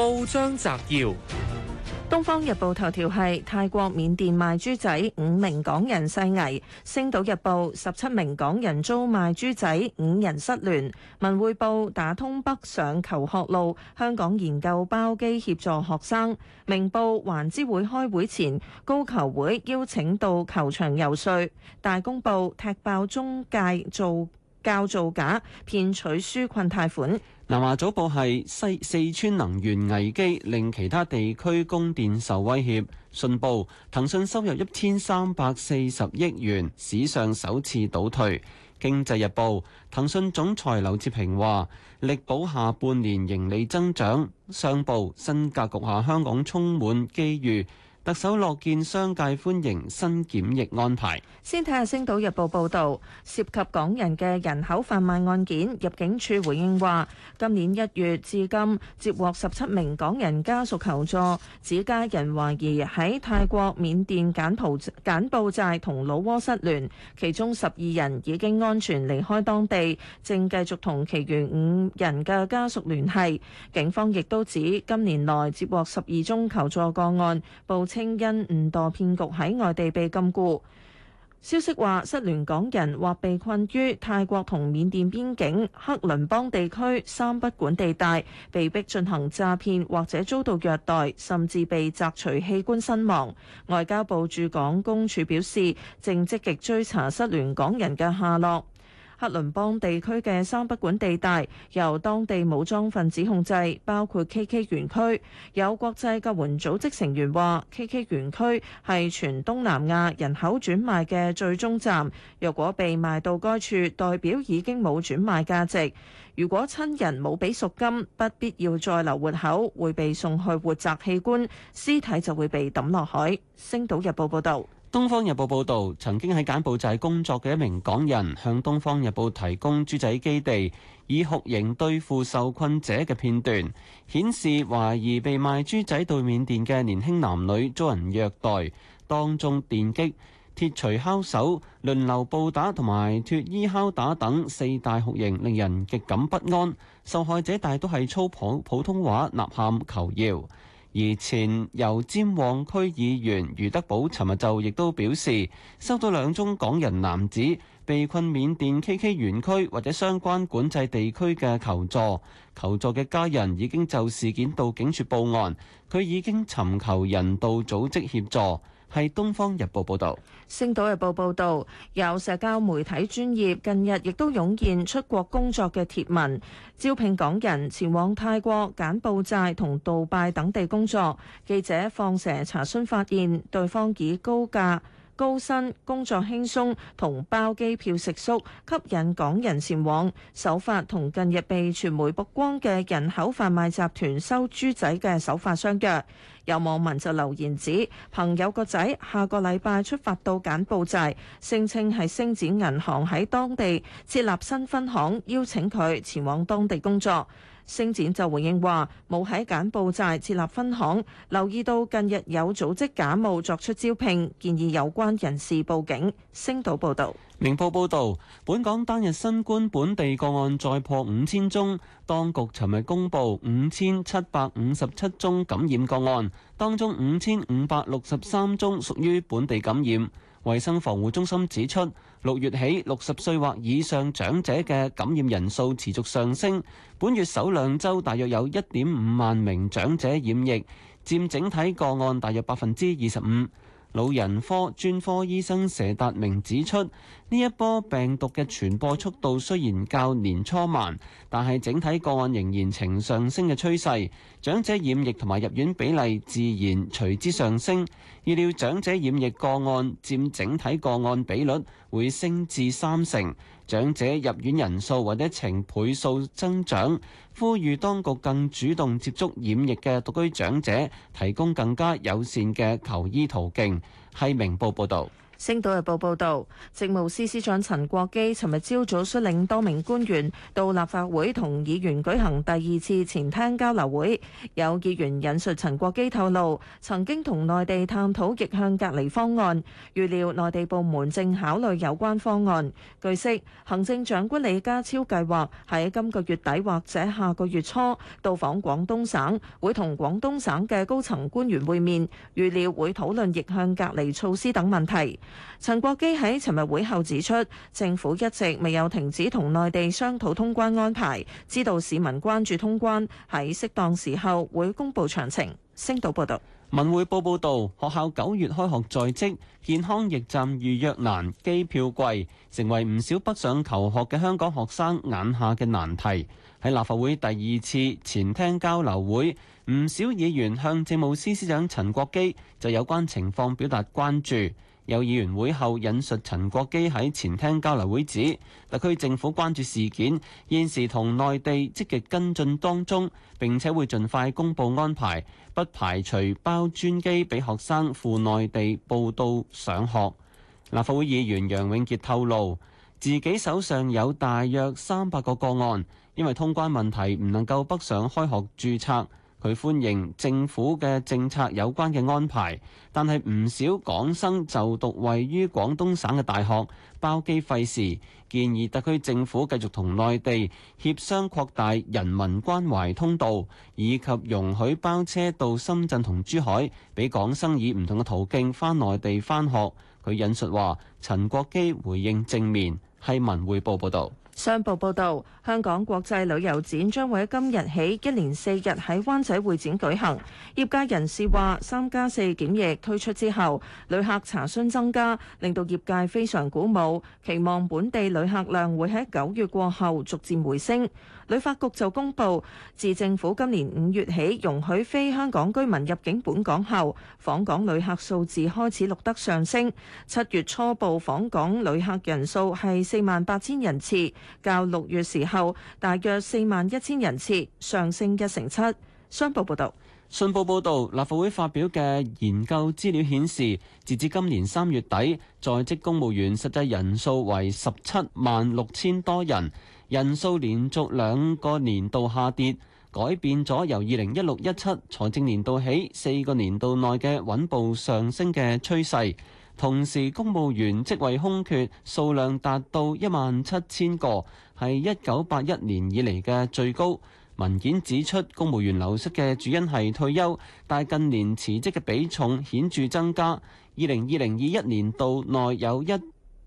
報章摘要：《東方日報頭條》頭條係泰國緬甸賣豬仔，五名港人勢危；《星島日報》十七名港人遭賣豬仔，五人失聯；《文匯報》打通北上求學路；香港研究包機協助學生；《明報》環諮會開會前高球會邀請到球場游說；《大公報》踢爆中介做。教造假騙取紓困貸款。南華早報係西四川能源危機令其他地區供電受威脅，信報騰訊收入一千三百四十億元，史上首次倒退。經濟日報騰訊總裁劉熾平話力保下半年盈利增長，商報，新格局下，香港充滿機遇。特首樂見商界歡迎新檢疫安排。先睇下《星島日報》報導，涉及港人嘅人口販賣案件，入境處回應話：今年一月至今，接獲十七名港人家屬求助，指家人懷疑喺泰國、緬甸、柬埔寨、柬埔寨同老撾失聯，其中十二人已經安全離開當地，正繼續同其餘五人嘅家屬聯繫。警方亦都指今年來接獲十二宗求助個案，報。稱因誤墮騙局喺外地被禁錮，消息話失聯港人或被困於泰國同緬甸邊境克倫邦地區三不管地帶，被迫進行詐騙或者遭到虐待，甚至被摘除器官身亡。外交部駐港公署表示，正積極追查失聯港人嘅下落。克倫邦地區嘅三不管地帶由當地武裝分子控制，包括 KK 園區。有國際救援組織成員話，KK 園區係全東南亞人口轉賣嘅最終站。若果被賣到該處，代表已經冇轉賣價值。如果親人冇俾贖金，不必要再留活口，會被送去活摘器官，屍體就會被抌落海。星島日報報道。《東方日報》報導，曾經喺柬埔寨工作嘅一名港人向《東方日報》提供豬仔基地以酷刑對付受困者嘅片段，顯示懷疑被賣豬仔到緬甸嘅年輕男女遭人虐待，當中電擊、鐵錘敲手、輪流暴打同埋脱衣敲打等四大酷刑，令人極感不安。受害者大多係粗普普通話吶喊求饒。而前油尖旺區議員余德寶尋日就亦都表示，收到兩宗港人男子被困緬甸 KK 園區或者相關管制地區嘅求助，求助嘅家人已經就事件到警署報案，佢已經尋求人道組織協助。係《東方日報》報道，《星島日報》報道，有社交媒體專業近日亦都湧現出國工作嘅貼文，招聘港人前往泰國、柬埔寨同杜拜等地工作。記者放蛇查詢發現，對方以高價，高薪、工作輕鬆同包機票食宿吸引港人前往，手法同近日被傳媒曝光嘅人口販賣集團收豬仔嘅手法相若。有網民就留言指，朋友個仔下個禮拜出發到柬埔寨，聲稱係星展銀行喺當地設立新分行，邀請佢前往當地工作。星展就回應話，冇喺柬埔寨設立分行，留意到近日有組織假冒作出招聘，建議有關人士報警。星島報道。明報報道，本港單日新冠本地個案再破五千宗，當局尋日公布五千七百五十七宗感染個案，當中五千五百六十三宗屬於本地感染。衛生防護中心指出。六月起，六十歲或以上長者嘅感染人數持續上升。本月首兩週，大約有一點五萬名長者染疫，佔整體個案大約百分之二十五。老人科專科醫生佘達明指出，呢一波病毒嘅傳播速度雖然較年初慢，但係整體個案仍然呈上升嘅趨勢，長者染疫同埋入院比例自然隨之上升。預料長者染疫個案佔整體個案比率會升至三成，長者入院人數或者呈倍數增長，呼籲當局更主動接觸染疫嘅獨居長者，提供更加友善嘅求醫途徑。係明報報導。《星島日報》報導，政務司司長陳國基尋日朝早率領多名官員到立法會同議員舉行第二次前廳交流會。有議員引述陳國基透露，曾經同內地探討逆向隔離方案，預料內地部門正考慮有關方案。據悉，行政長官李家超計劃喺今個月底或者下個月初到訪廣東省，會同廣東省嘅高層官員會面，預料會討論逆向隔離措施等問題。陳國基喺尋日會後指出，政府一直未有停止同內地商討通關安排，知道市民關注通關喺適當時候會公布詳情。星島報道，文匯報報道，學校九月開學在即，健康驛站預約難，機票貴，成為唔少北上求學嘅香港學生眼下嘅難題。喺立法會第二次前廳交流會，唔少議員向政務司司長陳國基就有關情況表達關注。有議員會後引述陳國基喺前廳交流會指，特區政府關注事件，現時同內地積極跟進當中，並且會盡快公佈安排，不排除包專機俾學生赴內地報到上學。立法會議員楊永傑透露，自己手上有大約三百個個案，因為通關問題唔能夠北上開學註冊。佢歡迎政府嘅政策有關嘅安排，但係唔少港生就讀位於廣東省嘅大學。包機費時，建議特區政府繼續同內地協商擴大人民關懷通道，以及容許包車到深圳同珠海，俾港生以唔同嘅途徑返內地返學。佢引述話：陳國基回應正面，係文匯報報導。商報報導，香港國際旅遊展將會喺今日起一連四日喺灣仔會展舉行。業界人士話，三加四檢疫推出之後，旅客查詢增加，令到業界非常鼓舞，期望本地旅客量會喺九月過後逐漸回升。旅發局就公布，自政府今年五月起容許非香港居民入境本港後，訪港旅客數字開始錄得上升。七月初步訪港旅客人數係四萬八千人次，較六月時候大約四萬一千人次上升一成七。商報報道，信報報道，立法會發表嘅研究資料顯示，截至今年三月底，在職公務員實際人數為十七萬六千多人。人數連續兩個年度下跌，改變咗由二零一六一七財政年度起四個年度內嘅穩步上升嘅趨勢。同時，公務員職位空缺數量達到一萬七千個，係一九八一年以嚟嘅最高。文件指出，公務員流失嘅主因係退休，但近年辭職嘅比重顯著增加。二零二零二一年度內有一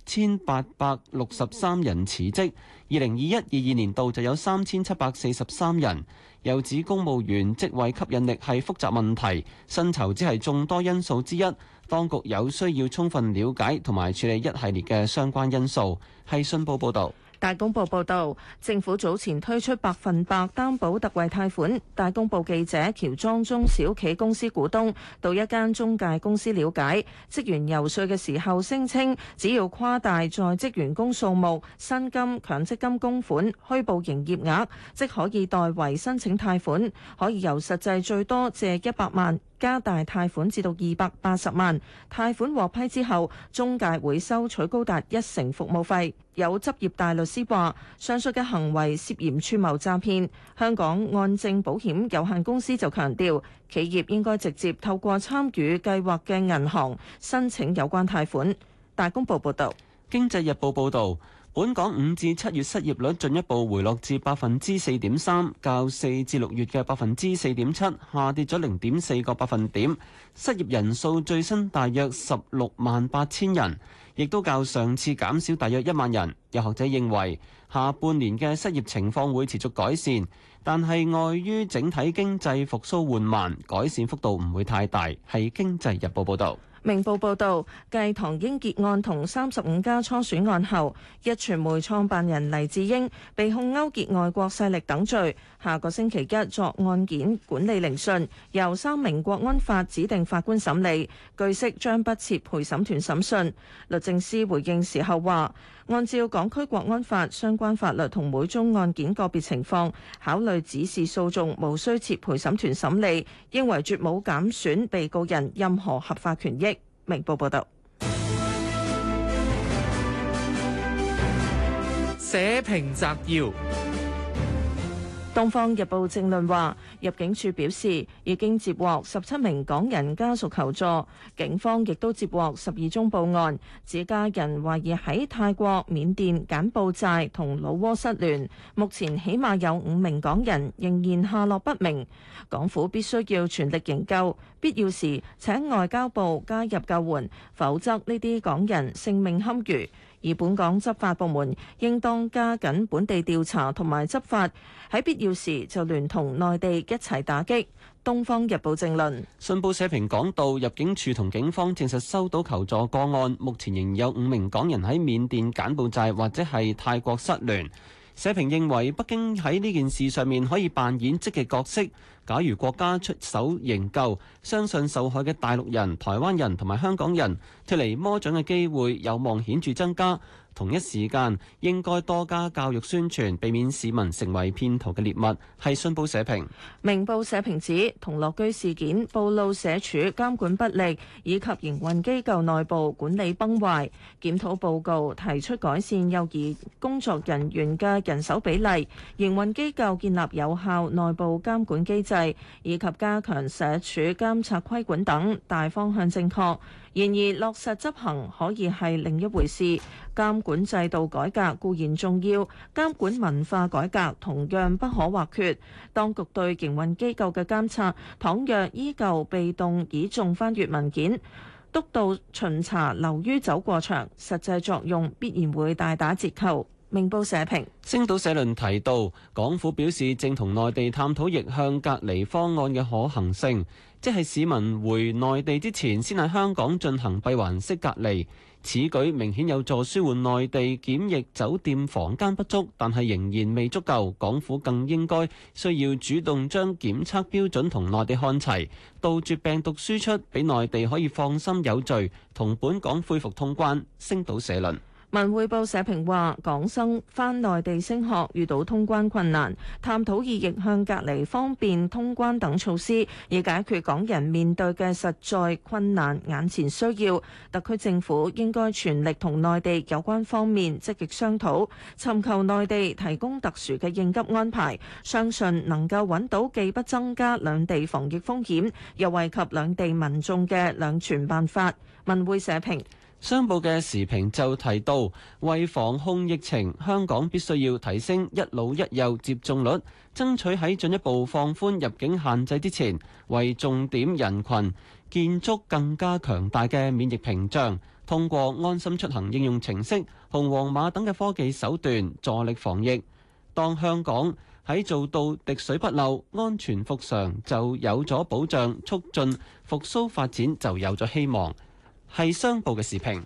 千八百六十三人辭職。二零二一、二二年度就有三千七百四十三人。又指公務員職位吸引力係複雜問題，薪酬只係眾多因素之一。當局有需要充分了解同埋處理一系列嘅相關因素。係信報報導。大公報報導，政府早前推出百分百擔保特惠貸款。大公報記者喬裝中小企公司股東，到一間中介公司了解，職員游說嘅時候聲稱，只要誇大在職員工數目、薪金、強積金供款、虛報營業額，即可以代為申請貸款，可以由實際最多借一百萬。加大貸款至到二百八十萬，貸款獲批之後，中介會收取高達一成服務費。有執業大律師話：上述嘅行為涉嫌串謀詐騙。香港按證保險有限公司就強調，企業應該直接透過參與計劃嘅銀行申請有關貸款。大公報報道。《經濟日報》報道。本港五至七月失業率進一步回落至百分之四點三，較四至六月嘅百分之四點七下跌咗零點四個百分點。失業人數最新大約十六萬八千人，亦都較上次減少大約一萬人。有學者認為，下半年嘅失業情況會持續改善，但係礙於整體經濟復甦緩慢，改善幅度唔會太大。係《經濟日報》報道。明報報導，繼唐英傑案同三十五家初選案後，壹傳媒創辦人黎智英被控勾結外國勢力等罪，下個星期一作案件管理聆訊，由三名國安法指定法官審理，據悉將不設陪審團審訊。律政司回應時候話。按照港區國安法相關法律同每宗案件個別情況考慮指示訴訟，無需設陪審團審理，認為絕冇減損被告人任何合法權益。明報報道。社評摘要：《東方日報》正論話。入境處表示已經接獲十七名港人家屬求助，警方亦都接獲十二宗報案，指家人懷疑喺泰國、緬甸、柬埔寨同老撾失聯。目前起碼有五名港人仍然下落不明，港府必須要全力營救，必要時請外交部加入救援，否則呢啲港人性命堪虞。而本港執法部門應當加緊本地調查同埋執法，喺必要時就聯同內地一齊打擊。《東方日報》政論，信報社評講到，入境處同警方證實收到求助個案，目前仍有五名港人喺緬甸、柬埔寨或者係泰國失聯。社評認為，北京喺呢件事上面可以扮演積極角色。假如國家出手營救，相信受害嘅大陸人、台灣人同埋香港人脫離魔掌嘅機會有望顯著增加。同一時間應該多加教育宣傳，避免市民成為騙徒嘅獵物。係信報社評。明報社評指同樂居事件暴露社署監管不力，以及營運機構內部管理崩壞。檢討報告提出改善幼兒工作人員嘅人手比例、營運機構建立有效內部監管機制，以及加強社署監察規管等大方向正確。然而，落實執行可以係另一回事。監管制度改革固然重要，監管文化改革同樣不可或缺。當局對營運機構嘅監察，倘若依舊被動倚重，翻閱文件、督導巡查，流於走過場，實際作用必然會大打折扣。明報社評：星島社論提到，港府表示正同內地探討逆向隔離方案嘅可行性，即係市民回內地之前，先喺香港進行閉環式隔離。此舉明顯有助舒緩內地檢疫酒店房間不足，但係仍然未足夠。港府更應該需要主動將檢測標準同內地看齊，杜絕病毒輸出，俾內地可以放心有序同本港恢復通關。星島社論。文匯報社評話：港生返內地升學遇到通關困難，探討以逆向隔離、方便通關等措施，以解決港人面對嘅實在困難、眼前需要。特區政府應該全力同內地有關方面積極商討，尋求內地提供特殊嘅應急安排，相信能夠揾到既不增加兩地防疫風險，又惠及兩地民眾嘅兩全辦法。文匯社評。商報嘅時評就提到，為防控疫情，香港必須要提升一老一幼接種率，爭取喺進一步放寬入境限制之前，為重點人群建築更加強大嘅免疫屏障。通過安心出行應用程式、紅黃碼等嘅科技手段，助力防疫。當香港喺做到滴水不漏、安全復常，就有咗保障，促進復甦發展就有咗希望。係商報嘅視頻。